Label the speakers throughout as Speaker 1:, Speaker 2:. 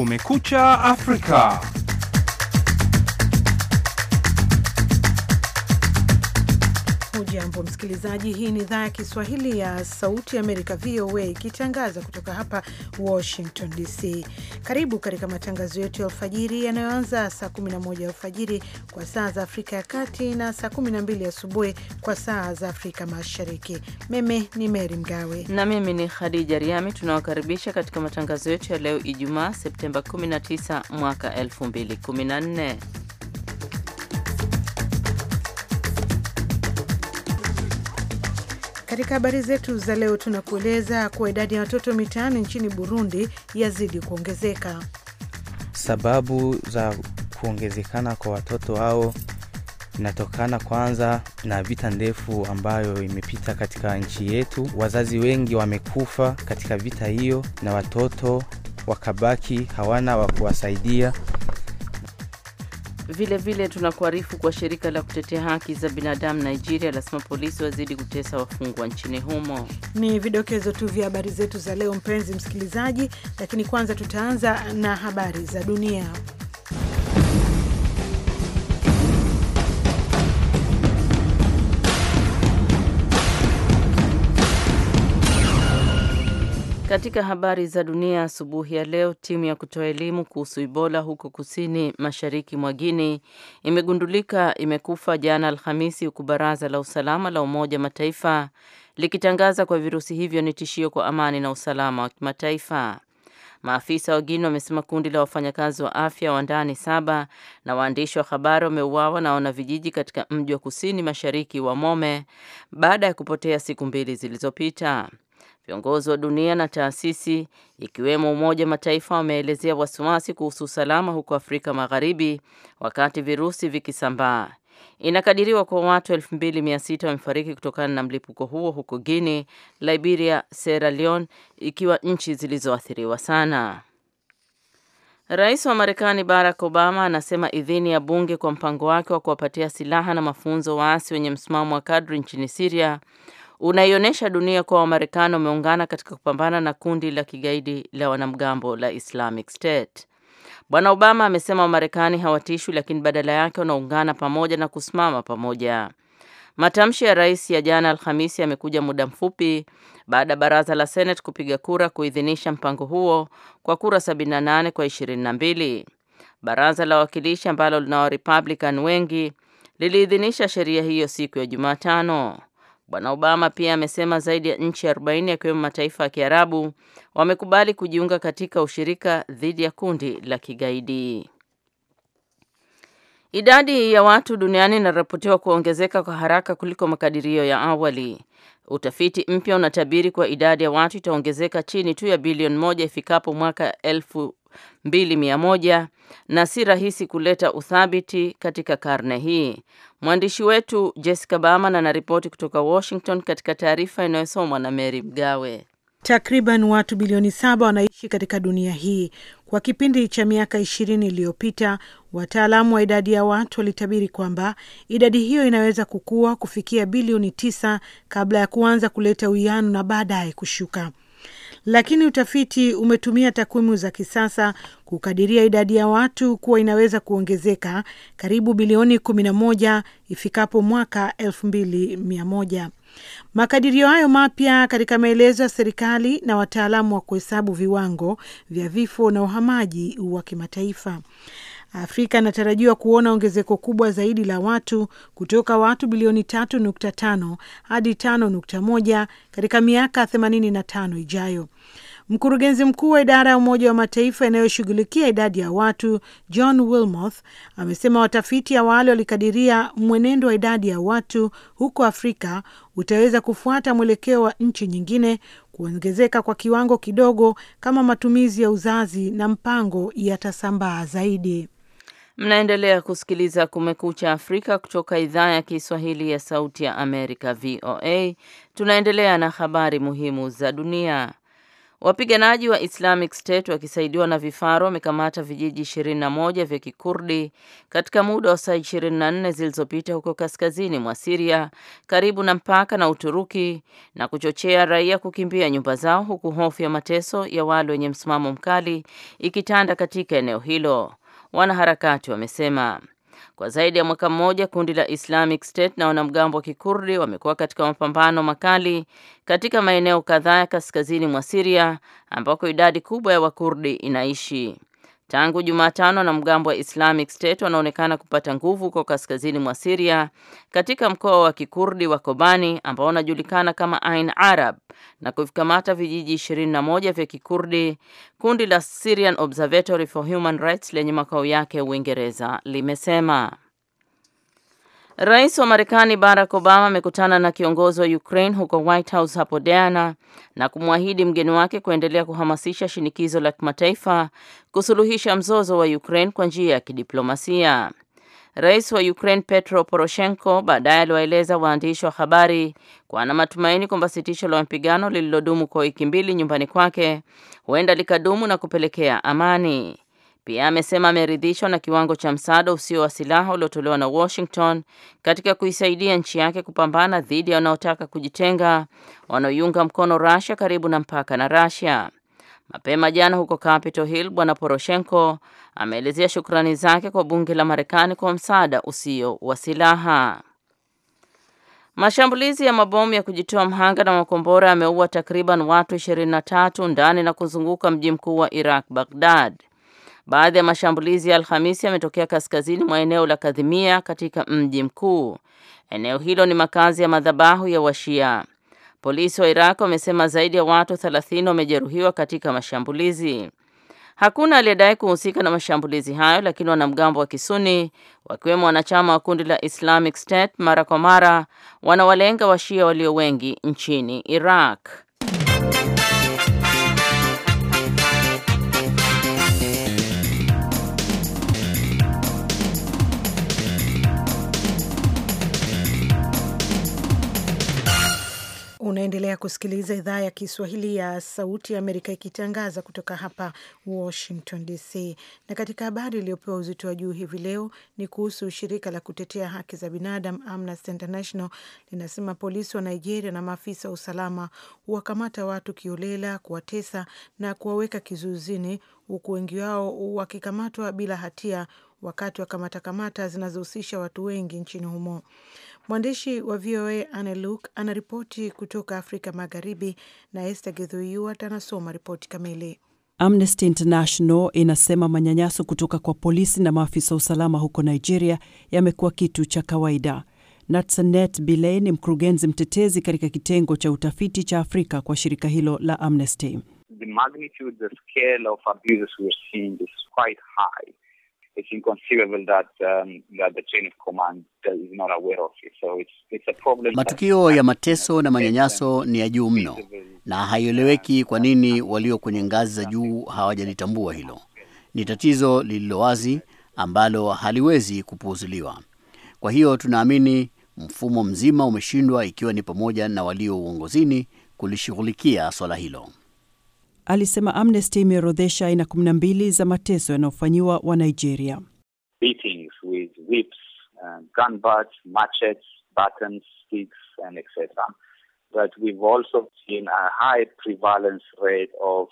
Speaker 1: Kumekucha Afrika.
Speaker 2: Hujambo msikilizaji, hii ni idhaa ya Kiswahili ya Sauti Amerika, VOA, ikitangaza kutoka hapa Washington DC. Karibu katika matangazo yetu ya alfajiri yanayoanza saa 11 alfajiri kwa saa za Afrika ya Kati na saa 12 asubuhi kwa saa za Afrika Mashariki. Mimi ni mery Mgawe
Speaker 3: na mimi ni Khadija Riami. Tunawakaribisha katika matangazo yetu ya leo Ijumaa, Septemba 19 mwaka 2014.
Speaker 2: Katika habari zetu za leo, tunakueleza kuwa idadi ya watoto mitaani nchini Burundi yazidi kuongezeka.
Speaker 4: Sababu za kuongezekana kwa watoto hao inatokana kwanza na vita ndefu ambayo imepita katika nchi yetu. Wazazi wengi wamekufa katika vita hiyo, na watoto wakabaki hawana wa kuwasaidia
Speaker 3: Vilevile tunakuarifu kwa shirika la kutetea haki za binadamu Nigeria lasema polisi wazidi kutesa wafungwa nchini humo.
Speaker 2: Ni vidokezo tu vya habari zetu za leo, mpenzi msikilizaji, lakini kwanza tutaanza na habari za dunia.
Speaker 3: Katika habari za dunia asubuhi ya leo, timu ya kutoa elimu kuhusu Ebola huko kusini mashariki mwa Guinea imegundulika imekufa jana Alhamisi, huku baraza la usalama la Umoja Mataifa likitangaza kwa virusi hivyo ni tishio kwa amani na usalama wa kimataifa. Maafisa wa Guinea wamesema kundi la wafanyakazi wa afya wa ndani saba na waandishi wa habari wameuawa na wanavijiji katika mji wa kusini mashariki wa Mome baada ya kupotea siku mbili zilizopita. Viongozi wa dunia na taasisi ikiwemo Umoja Mataifa wameelezea wasiwasi kuhusu usalama huko Afrika Magharibi wakati virusi vikisambaa. Inakadiriwa kwa watu 2600 wamefariki kutokana na mlipuko huo huko Guinea, Liberia, Sierra Leone ikiwa nchi zilizoathiriwa sana. Rais wa Marekani Barack Obama anasema idhini ya bunge kwa mpango wake wa kuwapatia silaha na mafunzo waasi wenye msimamo wa kadri nchini Siria unaionyesha dunia kuwa Wamarekani wameungana katika kupambana na kundi la kigaidi la wanamgambo la Islamic State. Bwana Obama amesema Wamarekani hawatishwi, lakini badala yake wanaungana pamoja na kusimama pamoja. Matamshi ya rais ya jana Alhamisi yamekuja muda mfupi baada ya baraza la Senate kupiga kura kuidhinisha mpango huo kwa kura 78 kwa 22. Baraza la Wawakilishi ambalo lina Warepublican wengi liliidhinisha sheria hiyo siku ya Jumatano. Bwana Obama pia amesema zaidi ya nchi 40 yakiwemo mataifa ya Kiarabu wamekubali kujiunga katika ushirika dhidi ya kundi la kigaidi. Idadi ya watu duniani inaripotiwa kuongezeka kwa haraka kuliko makadirio ya awali. Utafiti mpya unatabiri kuwa idadi ya watu itaongezeka chini tu ya bilioni moja ifikapo mwaka elfu mbili na si rahisi kuleta uthabiti katika karne hii. Mwandishi wetu Jessica baman anaripoti kutoka Washington katika taarifa inayosomwa na Mary Mgawe. Takriban
Speaker 2: watu bilioni saba wanaishi katika dunia hii. Kwa kipindi cha miaka ishirini iliyopita, wataalamu wa idadi ya watu walitabiri kwamba idadi hiyo inaweza kukua kufikia bilioni tisa kabla ya kuanza kuleta uwiano na baadaye kushuka lakini utafiti umetumia takwimu za kisasa kukadiria idadi ya watu kuwa inaweza kuongezeka karibu bilioni 11 ifikapo mwaka 2100. Makadirio hayo mapya katika maelezo ya serikali na wataalamu wa kuhesabu viwango vya vifo na uhamaji wa kimataifa. Afrika inatarajiwa kuona ongezeko kubwa zaidi la watu kutoka watu bilioni 3.5 hadi 5.1 katika miaka 85 ijayo. Mkurugenzi mkuu wa idara ya Umoja wa Mataifa inayoshughulikia idadi ya watu John Wilmoth amesema watafiti awali walikadiria mwenendo wa idadi ya watu huko Afrika utaweza kufuata mwelekeo wa nchi nyingine, kuongezeka kwa kiwango kidogo kama matumizi ya uzazi na mpango yatasambaa zaidi.
Speaker 3: Mnaendelea kusikiliza Kumekucha Afrika kutoka idhaa ya Kiswahili ya Sauti ya Amerika, VOA. Tunaendelea na habari muhimu za dunia. Wapiganaji wa Islamic State wakisaidiwa na vifaru wamekamata vijiji 21 vya Kikurdi katika muda wa saa 24 zilizopita huko kaskazini mwa Siria karibu na mpaka na Uturuki na kuchochea raia kukimbia nyumba zao huku hofu ya mateso ya wale wenye msimamo mkali ikitanda katika eneo hilo wanaharakati wamesema. Kwa zaidi ya mwaka mmoja kundi la Islamic State na wanamgambo wa Kikurdi wamekuwa katika mapambano makali katika maeneo kadhaa ya kaskazini mwa Syria ambako idadi kubwa ya Wakurdi inaishi. Tangu Jumatano, wanamgambo wa Islamic State wanaonekana kupata nguvu huko kaskazini mwa Syria katika mkoa wa Kikurdi wa Kobani ambao unajulikana kama Ain Arab na kuvikamata vijiji 21 vya Kikurdi. Kundi la Syrian Observatory for Human Rights lenye makao yake Uingereza limesema Rais wa Marekani Barack Obama amekutana na kiongozi wa Ukraine huko White House hapo jana na kumwahidi mgeni wake kuendelea kuhamasisha shinikizo la kimataifa kusuluhisha mzozo wa Ukraine kwa njia ya kidiplomasia. Rais wa Ukraine Petro Poroshenko baadaye aliwaeleza waandishi wa habari kwa na matumaini kwamba sitisho la mapigano lililodumu kwa wiki mbili nyumbani kwake huenda likadumu na kupelekea amani. Pia amesema ameridhishwa na kiwango cha msaada usio wa silaha uliotolewa na Washington katika kuisaidia nchi yake kupambana dhidi ya wanaotaka kujitenga wanaoiunga mkono Russia karibu na mpaka na Russia. Mapema jana huko Capitol Hill, Bwana Poroshenko ameelezea shukrani zake kwa bunge la Marekani kwa msaada usio wa silaha. Mashambulizi ya mabomu ya kujitoa mhanga na makombora yameua takriban watu 23 ndani na kuzunguka mji mkuu wa Iraq, Baghdad. Baadhi ya mashambulizi ya Alhamisi yametokea kaskazini mwa eneo la Kadhimia katika mji mkuu. Eneo hilo ni makazi ya madhabahu ya Washia. Polisi wa Iraq wamesema zaidi ya watu 30 wamejeruhiwa katika mashambulizi. Hakuna aliyedai kuhusika na mashambulizi hayo, lakini wanamgambo wa Kisuni wakiwemo wanachama wa kundi la Islamic State mara kwa mara wanawalenga Washia walio wengi nchini Iraq.
Speaker 2: Unaendelea kusikiliza idhaa ya Kiswahili ya Sauti ya Amerika ikitangaza kutoka hapa Washington DC. Na katika habari iliyopewa uzito wa juu hivi leo ni kuhusu shirika la kutetea haki za binadamu Amnesty International linasema polisi wa Nigeria na maafisa wa usalama huwakamata watu kiolela, kuwatesa na kuwaweka kizuizini, huku wengi wao wakikamatwa bila hatia wakati wa kamatakamata zinazohusisha watu wengi nchini humo. Mwandishi wa VOA Anne ana anaripoti kutoka Afrika Magharibi na Esther Githuiwat anasoma ripoti kamili.
Speaker 5: Amnesty International inasema manyanyaso kutoka kwa polisi na maafisa wa usalama huko Nigeria yamekuwa kitu cha kawaida. Natsanet Billey ni mkurugenzi mtetezi katika kitengo cha utafiti cha Afrika kwa shirika hilo la Amnesty.
Speaker 4: The magnitude, the scale of abuses we're seeing is quite high it's inconceivable that, um, that the chain of command is not aware of it. So it's, it's a problem. Matukio
Speaker 6: ya mateso na manyanyaso ni ya juu mno na haieleweki kwa nini walio kwenye ngazi za juu hawajalitambua hilo. Ni tatizo lililo wazi ambalo haliwezi kupuuzuliwa. Kwa hiyo tunaamini mfumo mzima umeshindwa, ikiwa ni pamoja na walio uongozini kulishughulikia swala hilo
Speaker 5: alisema Amnesty imeorodhesha aina 12 za mateso yanayofanyiwa wa Nigeria.
Speaker 4: Beatings with whips, um, gun butts, sticks and etc. But we've also seen a high prevalence rate
Speaker 6: of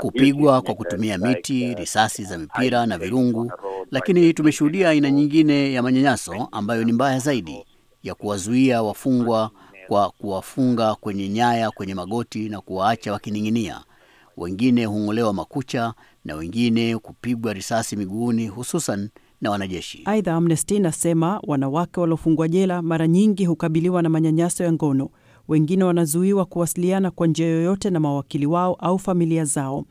Speaker 6: kupigwa kwa kutumia miti, uh, risasi za mipira na virungu, lakini tumeshuhudia aina nyingine ya manyanyaso ambayo ni mbaya zaidi ya kuwazuia wafungwa kwa kuwafunga kwenye nyaya kwenye magoti na kuwaacha wakining'inia wengine hung'olewa makucha na wengine kupigwa risasi miguuni, hususan na wanajeshi.
Speaker 5: Aidha, Amnesty inasema wanawake waliofungwa jela mara nyingi hukabiliwa na manyanyaso ya ngono. Wengine wanazuiwa kuwasiliana kwa njia yoyote na mawakili wao au familia zao.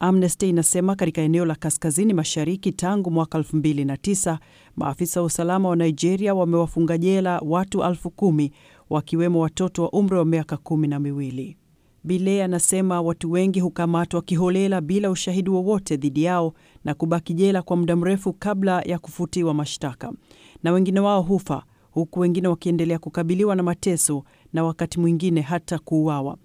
Speaker 5: Amnesty inasema katika eneo la kaskazini mashariki tangu mwaka 2009 maafisa wa usalama wa Nigeria wamewafunga jela watu elfu kumi wakiwemo watoto wa umri wa miaka kumi na miwili. Bile anasema watu wengi hukamatwa kiholela bila ushahidi wowote dhidi yao na kubaki jela kwa muda mrefu kabla ya kufutiwa mashtaka, na wengine wao hufa huku wengine wakiendelea kukabiliwa na mateso na wakati mwingine hata kuuawa.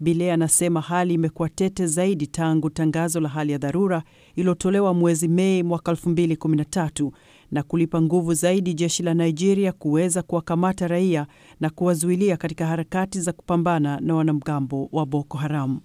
Speaker 5: Bile anasema hali imekuwa tete zaidi tangu tangazo la hali ya dharura iliyotolewa mwezi Mei mwaka 2013 na kulipa nguvu zaidi jeshi la Nigeria kuweza kuwakamata raia na kuwazuilia katika harakati za kupambana na wanamgambo wa Boko Haram.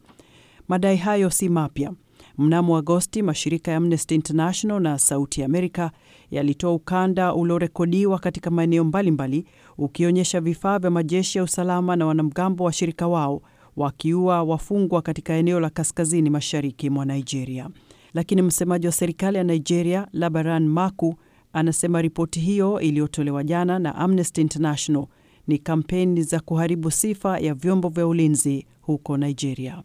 Speaker 5: Madai hayo si mapya. Mnamo Agosti, mashirika ya Amnesty International na Sauti ya Amerika yalitoa ukanda uliorekodiwa katika maeneo mbalimbali ukionyesha vifaa vya majeshi ya usalama na wanamgambo washirika wao wakiua wafungwa katika eneo la kaskazini mashariki mwa Nigeria. Lakini msemaji wa serikali ya Nigeria, Labaran Maku, Anasema ripoti hiyo iliyotolewa jana na Amnesty International ni kampeni za kuharibu sifa ya vyombo vya ulinzi huko Nigeria.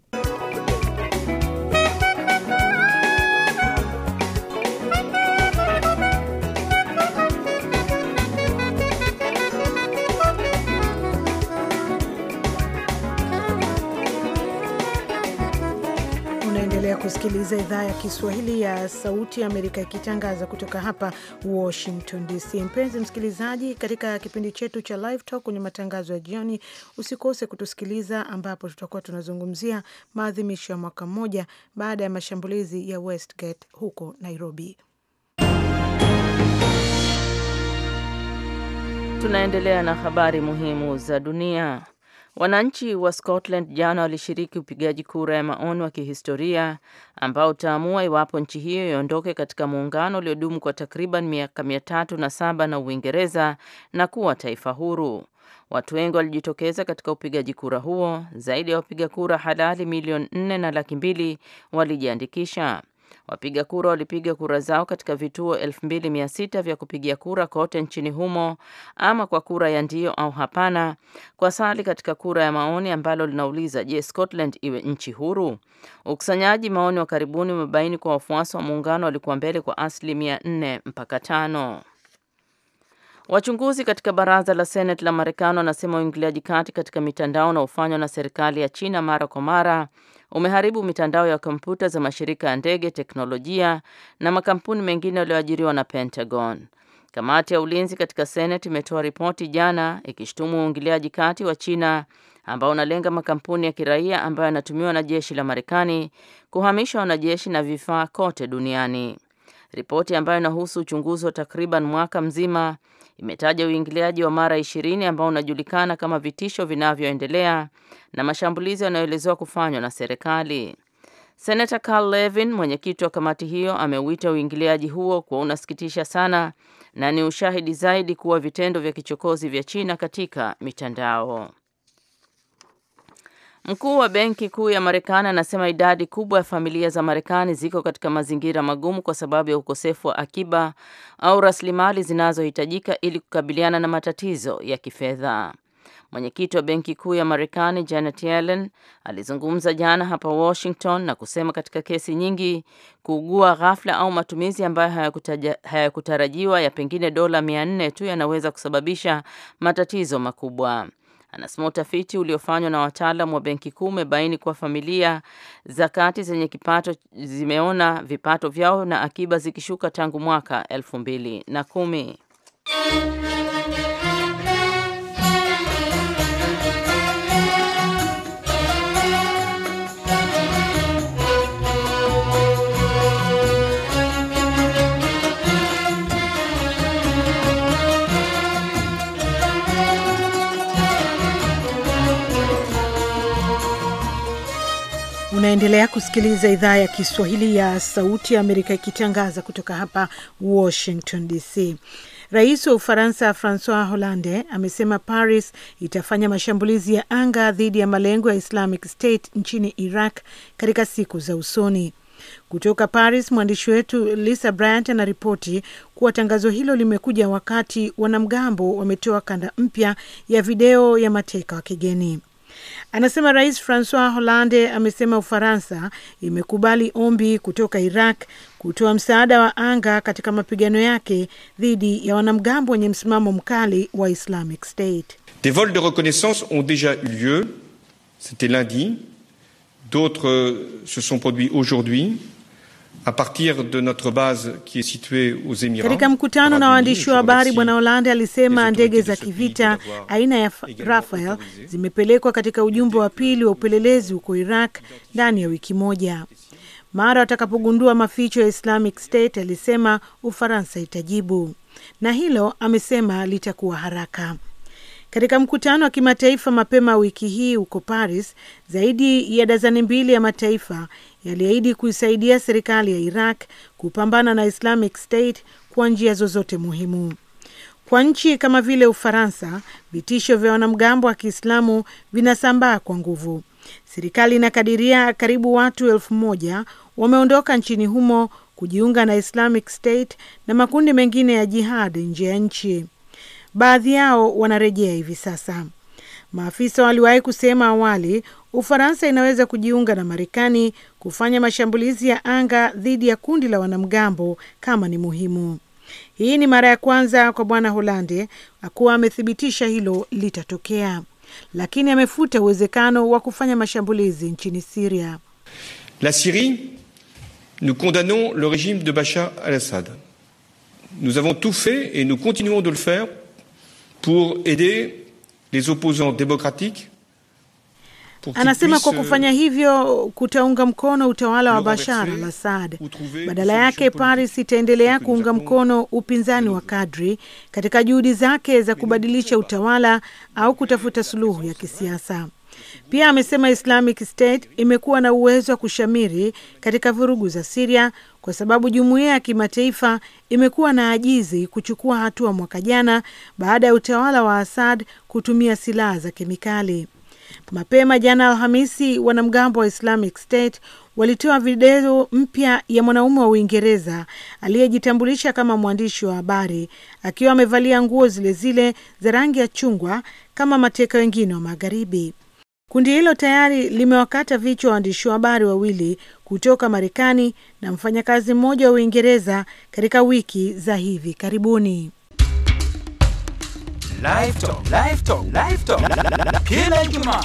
Speaker 2: unasikiliza idhaa ya Kiswahili ya Sauti ya Amerika ikitangaza kutoka hapa Washington DC. Mpenzi msikilizaji, katika kipindi chetu cha Live Talk kwenye matangazo ya jioni, usikose kutusikiliza, ambapo tutakuwa tunazungumzia maadhimisho ya mwaka mmoja baada ya mashambulizi ya Westgate huko Nairobi.
Speaker 3: Tunaendelea na habari muhimu za dunia. Wananchi wa Scotland jana walishiriki upigaji kura ya maoni wa kihistoria ambao utaamua iwapo nchi hiyo iondoke katika muungano uliodumu kwa takriban miaka mia tatu na saba na Uingereza na kuwa taifa huru. Watu wengi walijitokeza katika upigaji kura huo. Zaidi ya wapiga kura halali milioni nne na laki mbili walijiandikisha. Wapiga kura walipiga kura zao katika vituo 2600 vya kupigia kura kote nchini humo, ama kwa kura ya ndio au hapana, kwa sali katika kura ya maoni ambalo linauliza je, Scotland iwe nchi huru? Ukusanyaji maoni wa karibuni umebaini kwa wafuasi wa muungano walikuwa mbele kwa asilimia 4 mpaka tano. Wachunguzi katika baraza la Senate la Marekani wanasema uingiliaji kati katika mitandao unaofanywa na serikali ya China mara kwa mara umeharibu mitandao ya kompyuta za mashirika ya ndege, teknolojia na makampuni mengine yaliyoajiriwa na Pentagon. Kamati ya ulinzi katika Senate imetoa ripoti jana ikishutumu uingiliaji kati wa China ambao unalenga makampuni ya kiraia ambayo yanatumiwa na jeshi la Marekani kuhamisha wanajeshi na vifaa kote duniani. Ripoti ambayo inahusu uchunguzi wa takriban mwaka mzima imetaja uingiliaji wa mara ishirini ambao unajulikana kama vitisho vinavyoendelea na mashambulizi yanayoelezewa kufanywa na serikali. Senata Carl Levin, mwenyekiti wa kamati hiyo, ameuita uingiliaji huo kuwa unasikitisha sana na ni ushahidi zaidi kuwa vitendo vya kichokozi vya China katika mitandao. Mkuu wa benki kuu ya Marekani anasema idadi kubwa ya familia za Marekani ziko katika mazingira magumu kwa sababu ya ukosefu wa akiba au rasilimali zinazohitajika ili kukabiliana na matatizo ya kifedha. Mwenyekiti wa benki kuu ya Marekani Janet Yellen alizungumza jana hapa Washington na kusema katika kesi nyingi, kuugua ghafla au matumizi ambayo hayakutarajiwa ya pengine dola mia nne tu yanaweza kusababisha matatizo makubwa. Anasema utafiti uliofanywa na wataalamu wa Benki Kuu umebaini kuwa familia za kati zenye kipato zimeona vipato vyao na akiba zikishuka tangu mwaka elfu mbili na kumi.
Speaker 2: Unaendelea kusikiliza idhaa ya Kiswahili ya Sauti ya Amerika ikitangaza kutoka hapa Washington DC. Rais wa Ufaransa Francois Hollande amesema Paris itafanya mashambulizi ya anga dhidi ya malengo ya Islamic State nchini Iraq katika siku za usoni. Kutoka Paris, mwandishi wetu Lisa Bryant anaripoti kuwa tangazo hilo limekuja wakati wanamgambo wametoa kanda mpya ya video ya mateka wa kigeni. Anasema Rais Francois Hollande amesema Ufaransa imekubali ombi kutoka Iraq kutoa msaada wa anga katika mapigano yake dhidi ya wanamgambo wenye msimamo mkali wa Islamic State.
Speaker 1: Des vols de reconnaissance ont deja eu lieu, c'était lundi, d'autres se sont produits aujourd'hui katika
Speaker 2: mkutano na waandishi wa habari, Bwana Hollande alisema ndege za kivita aina ya Rafael zimepelekwa katika ujumbe wa pili wa upelelezi huko Iraq ndani ya wiki moja, mara watakapogundua maficho ya Islamic State, alisema Ufaransa itajibu, na hilo amesema litakuwa haraka. Katika mkutano wa kimataifa mapema wiki hii huko Paris, zaidi ya dazani mbili ya mataifa yaliahidi kuisaidia serikali ya Iraq kupambana na Islamic State kwa njia zozote muhimu. Kwa nchi kama vile Ufaransa, vitisho vya wanamgambo wa Kiislamu vinasambaa kwa nguvu. Serikali inakadiria karibu watu elfu moja wameondoka nchini humo kujiunga na Islamic State na makundi mengine ya jihad nje ya nchi. Baadhi yao wanarejea hivi sasa. Maafisa waliwahi kusema awali Ufaransa inaweza kujiunga na Marekani kufanya mashambulizi ya anga dhidi ya kundi la wanamgambo kama ni muhimu. Hii ni mara ya kwanza kwa Bwana Holande akuwa amethibitisha hilo litatokea, lakini amefuta uwezekano wa kufanya mashambulizi nchini Siria.
Speaker 1: La Syrie nous condamnons le regime de bashar al-Assad nous avons tout fait et nous continuons de le faire pour aider les opposants démocratiques Anasema kwa kufanya
Speaker 2: euh, hivyo kutaunga mkono utawala wa Bashar al Assad. Badala yake, Paris itaendelea kuunga mkono upinzani wa kadri katika juhudi zake za kubadilisha utawala au kutafuta suluhu ya kisiasa. Pia amesema Islamic State imekuwa na uwezo wa kushamiri katika vurugu za Siria kwa sababu jumuiya ya kimataifa imekuwa na ajizi kuchukua hatua mwaka jana baada ya utawala wa Assad kutumia silaha za kemikali. Mapema jana Alhamisi, wanamgambo wa Islamic State walitoa video mpya ya mwanaume wa Uingereza aliyejitambulisha kama mwandishi wa habari akiwa amevalia nguo zile zile za rangi ya chungwa kama mateka wengine wa Magharibi. Kundi hilo tayari limewakata vichwa waandishi wa habari wawili kutoka Marekani na mfanyakazi mmoja wa Uingereza katika wiki za hivi karibuni.
Speaker 1: Live Talk, Live Talk, Live Talk. Kila Ijumaa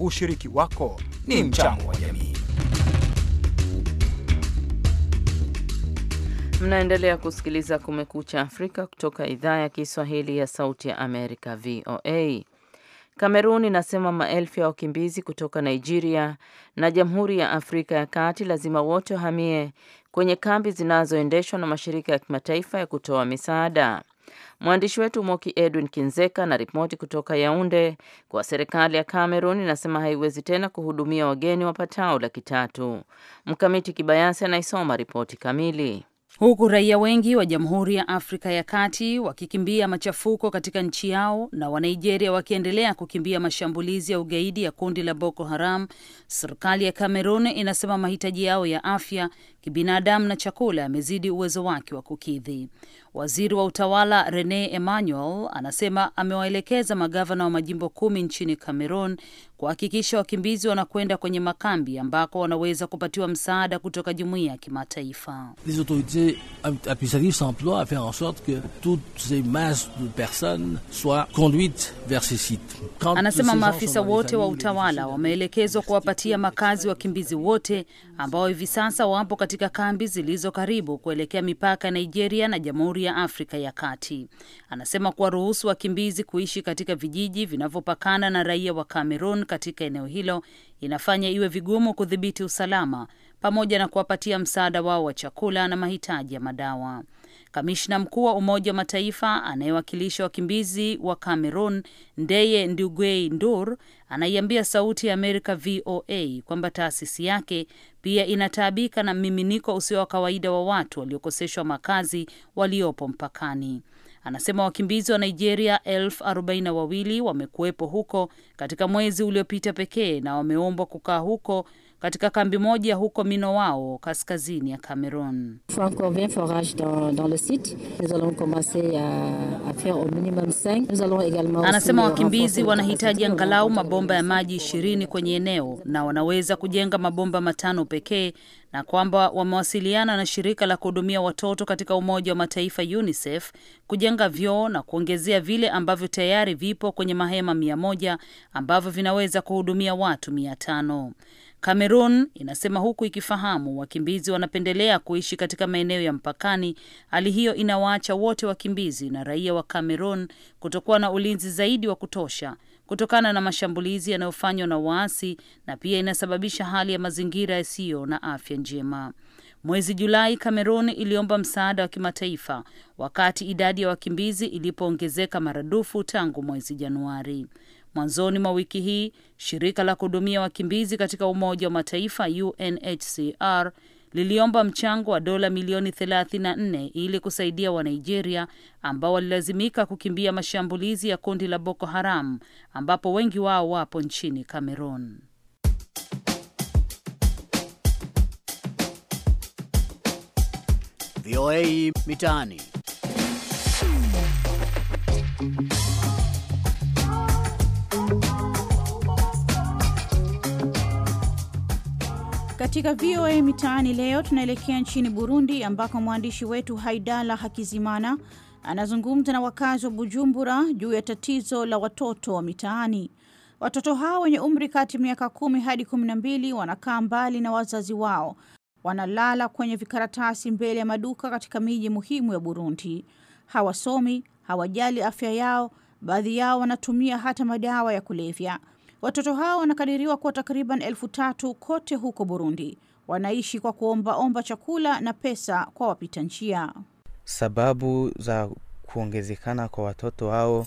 Speaker 1: Ushiriki wako ni mchango wa jamii.
Speaker 3: Mnaendelea kusikiliza Kumekucha Afrika kutoka idhaa ya Kiswahili ya Sauti ya Amerika, VOA. Kamerun inasema maelfu ya wakimbizi kutoka Nigeria na Jamhuri ya Afrika ya Kati lazima wote wahamie kwenye kambi zinazoendeshwa na mashirika ya kimataifa ya kutoa misaada. Mwandishi wetu Moki Edwin Kinzeka na ripoti kutoka Yaunde kwa serikali ya cameron inasema haiwezi tena kuhudumia wageni wapatao laki tatu. Mkamiti Kibayasi anaisoma ripoti kamili.
Speaker 7: Huku raia wengi wa Jamhuri ya Afrika ya Kati wakikimbia machafuko katika nchi yao na Wanigeria wakiendelea kukimbia mashambulizi ya ugaidi ya kundi la Boko Haram, serikali ya cameron inasema mahitaji yao ya afya, kibinadamu na chakula yamezidi uwezo wake wa kukidhi. Waziri wa utawala Rene Emmanuel anasema amewaelekeza magavana wa majimbo kumi nchini Cameroon kuhakikisha wakimbizi wanakwenda kwenye makambi ambako wanaweza kupatiwa msaada kutoka jumuiya ya kimataifa.
Speaker 1: Anasema maafisa wote wa
Speaker 7: utawala wameelekezwa kuwapatia makazi wakimbizi wote ambao hivi sasa wapo katika kambi zilizo karibu kuelekea mipaka ya Nigeria na Jamhuri ya Afrika ya Kati. Anasema kuwaruhusu wakimbizi kuishi katika vijiji vinavyopakana na raia wa Kamerun katika eneo hilo inafanya iwe vigumu kudhibiti usalama pamoja na kuwapatia msaada wao wa chakula na mahitaji ya madawa. Kamishna mkuu wa Umoja wa Mataifa anayewakilisha wakimbizi wa Cameroon, Ndeye Ndugwei Ndur, anaiambia Sauti ya Amerika VOA kwamba taasisi yake pia inataabika na mmiminiko usio wa kawaida wa watu waliokoseshwa makazi waliopo mpakani. Anasema wakimbizi wa Nigeria elfu arobaini na wawili wamekuwepo huko katika mwezi uliopita pekee na wameombwa kukaa huko katika kambi moja huko mino wao
Speaker 3: kaskazini
Speaker 7: ya Cameron.
Speaker 3: Anasema wakimbizi
Speaker 7: wanahitaji angalau mabomba ya maji ishirini kwenye eneo na wanaweza kujenga mabomba matano pekee, na kwamba wamewasiliana na shirika la kuhudumia watoto katika Umoja wa Mataifa UNICEF kujenga vyoo na kuongezea vile ambavyo tayari vipo kwenye mahema mia moja ambavyo vinaweza kuhudumia watu mia tano cameron inasema huku ikifahamu wakimbizi wanapendelea kuishi katika maeneo ya mpakani, hali hiyo inawaacha wote wakimbizi na raia wa cameron kutokuwa na ulinzi zaidi wa kutosha kutokana na mashambulizi yanayofanywa na waasi na pia inasababisha hali ya mazingira yasiyo na afya njema. Mwezi Julai, cameron iliomba msaada wa kimataifa wakati idadi ya wakimbizi ilipoongezeka maradufu tangu mwezi Januari. Mwanzoni mwa wiki hii shirika la kuhudumia wakimbizi katika Umoja wa Mataifa UNHCR liliomba mchango wa dola milioni 34 ili kusaidia Wanigeria ambao walilazimika kukimbia mashambulizi ya kundi la Boko Haram ambapo wengi wao wapo
Speaker 6: nchini Cameroon. VOA Mitaani.
Speaker 3: Katika VOA Mitaani leo
Speaker 7: tunaelekea nchini Burundi ambako mwandishi wetu Haidala Hakizimana anazungumza na wakazi wa Bujumbura juu ya tatizo la watoto wa mitaani. Watoto hao wenye umri kati ya miaka kumi hadi kumi na mbili wanakaa mbali na wazazi wao, wanalala kwenye vikaratasi mbele ya maduka katika miji muhimu ya Burundi. Hawasomi, hawajali afya yao, baadhi yao wanatumia hata madawa ya kulevya. Watoto hao wanakadiriwa kuwa takriban elfu tatu kote huko Burundi. Wanaishi kwa kuombaomba chakula na pesa kwa wapita njia.
Speaker 4: Sababu za kuongezekana kwa watoto hao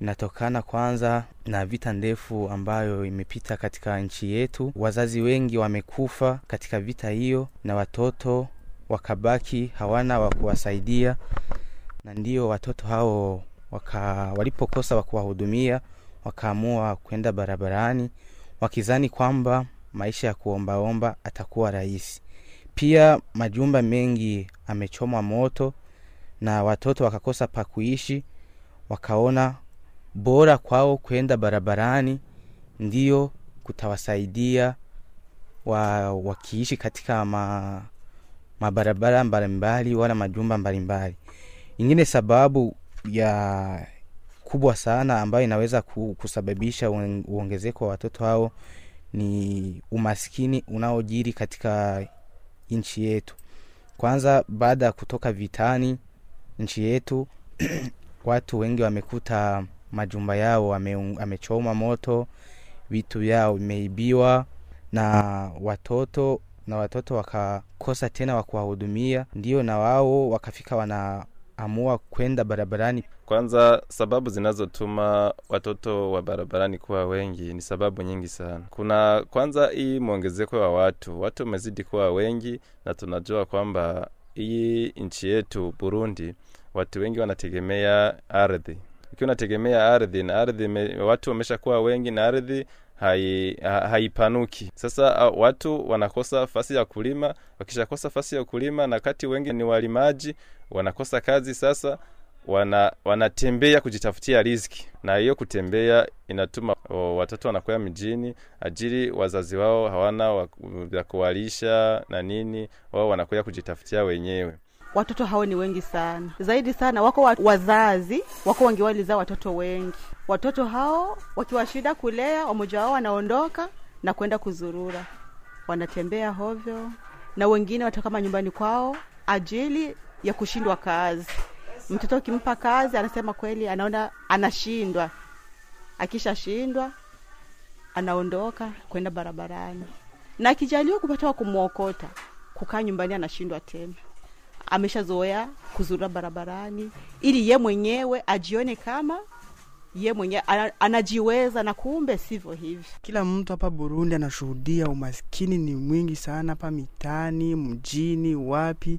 Speaker 4: inatokana kwanza na vita ndefu ambayo imepita katika nchi yetu. Wazazi wengi wamekufa katika vita hiyo, na watoto wakabaki hawana wa kuwasaidia, na ndio watoto hao walipokosa wa kuwahudumia wakaamua kwenda barabarani wakizani kwamba maisha ya kuombaomba atakuwa rahisi pia majumba mengi amechomwa moto na watoto wakakosa pa kuishi wakaona bora kwao kwenda barabarani ndio kutawasaidia wa, wakiishi katika ma, mabarabara mbalimbali wala majumba mbalimbali ingine sababu ya kubwa sana ambayo inaweza kusababisha uongezeko wa watoto hao ni umaskini unaojiri katika nchi yetu kwanza baada ya kutoka vitani nchi yetu watu wengi wamekuta majumba yao amechoma moto vitu vyao imeibiwa na watoto na watoto wakakosa tena wa kuwahudumia ndio na wao wakafika wana ameamua kwenda
Speaker 5: barabarani. Kwanza, sababu zinazotuma watoto wa barabarani kuwa wengi ni sababu nyingi sana. Kuna kwanza hii mwongezeko wa watu, watu wamezidi kuwa wengi, na tunajua kwamba hii nchi yetu Burundi watu wengi wanategemea ardhi. Ukiwa unategemea ardhi na ardhi, watu wameshakuwa wengi na ardhi haipanuki hai sasa uh, watu wanakosa fasi ya kulima wakishakosa fasi ya kulima na kati wengi ni walimaji wanakosa kazi sasa wana wanatembea kujitafutia riski na hiyo kutembea inatuma o, watoto wanakuwa mjini ajili wazazi wao hawana vya kuwalisha na nini wao wanakuwa kujitafutia wenyewe
Speaker 2: Watoto hao ni wengi sana, zaidi sana wako wazazi wako wangewalizaa watoto wengi. Watoto hao wakiwa shida kulea, wamoja wao wanaondoka na kwenda kuzurura, wanatembea hovyo, na wengine watakama nyumbani kwao ajili ya kushindwa kazi. Mtoto ukimpa kazi, anasema kweli, anaona anashindwa. Akishashindwa anaondoka kwenda barabarani, na akijaliwa kupata wa kumwokota, kukaa nyumbani anashindwa tena ameshazoea kuzura barabarani, ili ye mwenyewe ajione kama ye mwenyewe anajiweza, na kumbe sivyo hivi.
Speaker 1: Kila mtu hapa Burundi anashuhudia umaskini ni mwingi sana, hapa mitaani, mjini, wapi,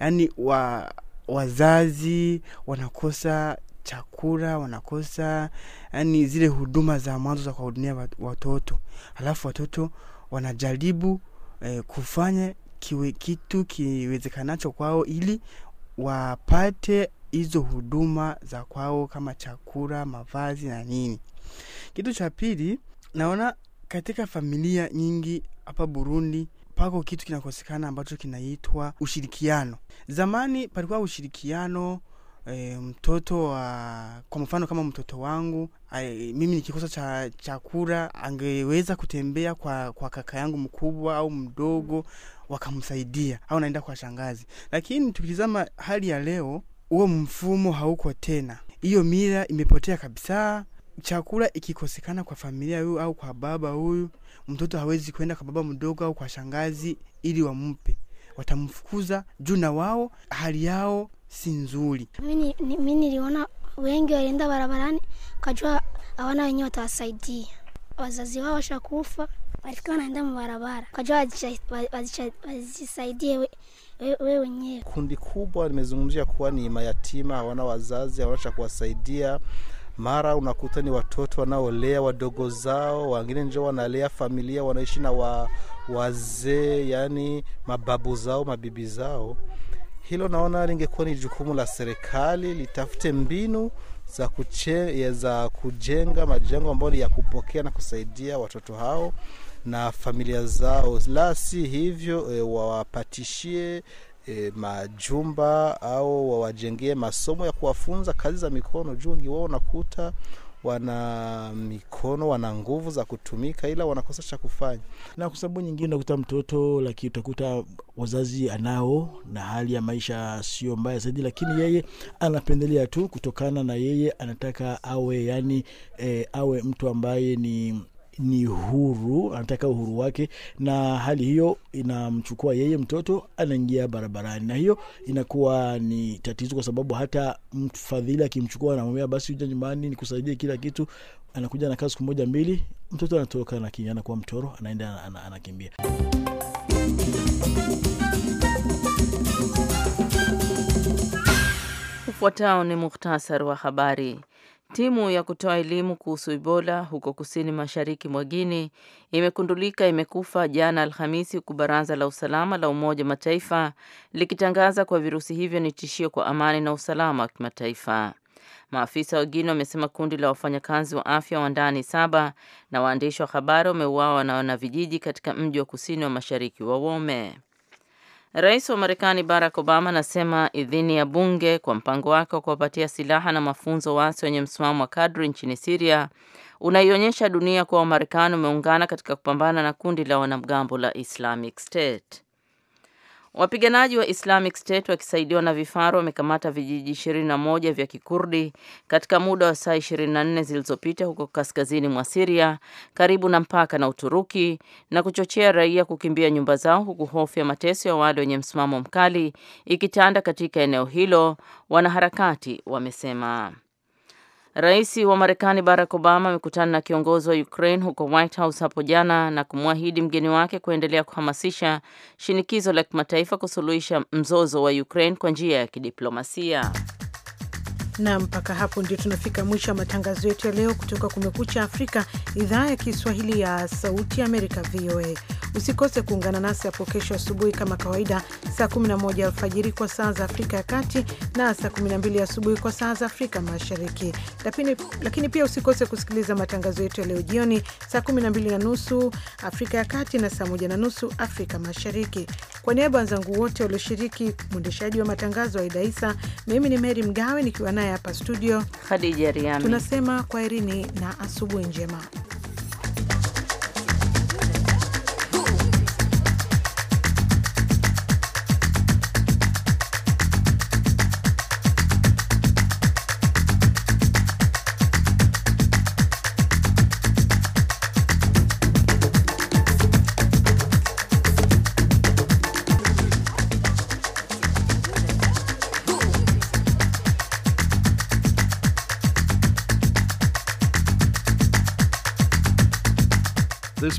Speaker 1: yaani wa wazazi wanakosa chakula wanakosa, yani zile huduma za mwanzo za kuwahudumia watoto, alafu watoto wanajaribu eh, kufanya kiwe kitu kiwezekanacho kwao ili wapate hizo huduma za kwao kama chakula, mavazi na nini. Kitu cha pili, naona katika familia nyingi hapa Burundi pako kitu kinakosekana ambacho kinaitwa ushirikiano. Zamani palikuwa ushirikiano e, mtoto wa kwa mfano kama mtoto wangu ae, mimi nikikosa cha chakula angeweza kutembea kwa, kwa kaka yangu mkubwa au mdogo wakamsaidia au naenda kwa shangazi, lakini tukitizama hali ya leo huo mfumo hauko tena, hiyo mila imepotea kabisa. Chakula ikikosekana kwa familia huyu au kwa baba huyu, mtoto hawezi kwenda kwa baba mdogo au kwa shangazi ili wampe watamfukuza juu na wao hali yao si nzuri. Mi
Speaker 4: niliona wengi walienda barabarani, kajua hawana wenyewe watawasaidia, wazazi wao washakufa, walifika wanaenda mbarabara, kajua wazisaidie we wenyewe.
Speaker 1: Kundi kubwa limezungumzia kuwa ni mayatima, hawana wazazi, hawana cha kuwasaidia mara unakuta ni watoto wanaolea wadogo zao, wengine njo wanalea familia, wanaishi na wa, wazee, yani mababu zao, mabibi zao. Hilo naona lingekuwa ni jukumu la serikali litafute mbinu za, kuche, za kujenga majengo ambayo ya kupokea na kusaidia watoto hao na familia zao, la si hivyo e, wawapatishie e, majumba au wawajengee masomo ya kuwafunza kazi za mikono juu wengi wao nakuta wana mikono, wana nguvu za kutumika, ila wanakosa cha kufanya. Na kwa sababu nyingine unakuta mtoto lakini utakuta wazazi anao na hali ya maisha sio mbaya zaidi, lakini yeye anapendelea tu kutokana na yeye anataka awe yani, e, awe mtu ambaye ni ni huru, anataka uhuru wake, na hali hiyo inamchukua yeye mtoto, anaingia barabarani, na hiyo inakuwa ni tatizo, kwa sababu hata mfadhili akimchukua anamwambia basi uja nyumbani nikusaidie kila kitu, anakuja na kazi siku moja mbili, mtoto anatoroka, anakuwa mtoro, anaenda anakimbia.
Speaker 3: Ufuatao ni muhtasari wa habari. Timu ya kutoa elimu kuhusu Ebola huko kusini mashariki mwa Guini imekundulika imekufa jana Alhamisi, huku baraza la usalama la Umoja wa Mataifa likitangaza kuwa virusi hivyo ni tishio kwa amani na usalama wa kimataifa. Maafisa wa Guini wamesema kundi la wafanyakazi wa afya wa ndani saba na waandishi wa habari wameuawa na wanavijiji katika mji wa kusini wa mashariki wa Wome. Rais wa Marekani Barack Obama anasema idhini ya bunge kwa mpango wake wa kuwapatia silaha na mafunzo waasi wenye msimamo wa kadri nchini Siria unaionyesha dunia kuwa Wamarekani umeungana katika kupambana na kundi la wanamgambo la Islamic State. Wapiganaji wa Islamic State wakisaidiwa na vifaru wamekamata vijiji 21 vya Kikurdi katika muda wa saa 24 zilizopita huko kaskazini mwa Siria karibu na mpaka na Uturuki na kuchochea raia kukimbia nyumba zao huku hofu ya mateso ya wale wenye msimamo mkali ikitanda katika eneo hilo, wanaharakati wamesema. Rais wa Marekani Barack Obama amekutana na kiongozi wa Ukraine huko White House hapo jana na kumwahidi mgeni wake kuendelea kuhamasisha shinikizo la kimataifa kusuluhisha mzozo wa Ukraine kwa njia ya kidiplomasia.
Speaker 2: Na mpaka hapo ndio tunafika mwisho wa matangazo yetu ya leo kutoka Kumekucha Afrika, idhaa ya Kiswahili ya Sauti ya Amerika, VOA. Usikose kuungana nasi hapo kesho asubuhi kama kawaida, saa 11 alfajiri kwa saa za Afrika ya Kati na saa 12 asubuhi kwa saa za Afrika Mashariki. Lakini, lakini pia usikose kusikiliza matangazo yetu ya leo jioni saa 12 na nusu Afrika ya Kati na saa 1 na nusu Afrika Mashariki. Kwa niaba wenzangu wote walioshiriki, mwendeshaji wa matangazo Aida Isa, mimi ni Meri Mgawe nikiwa naye hapa
Speaker 3: studio Khadija Riami,
Speaker 2: tunasema kwaherini na asubuhi njema.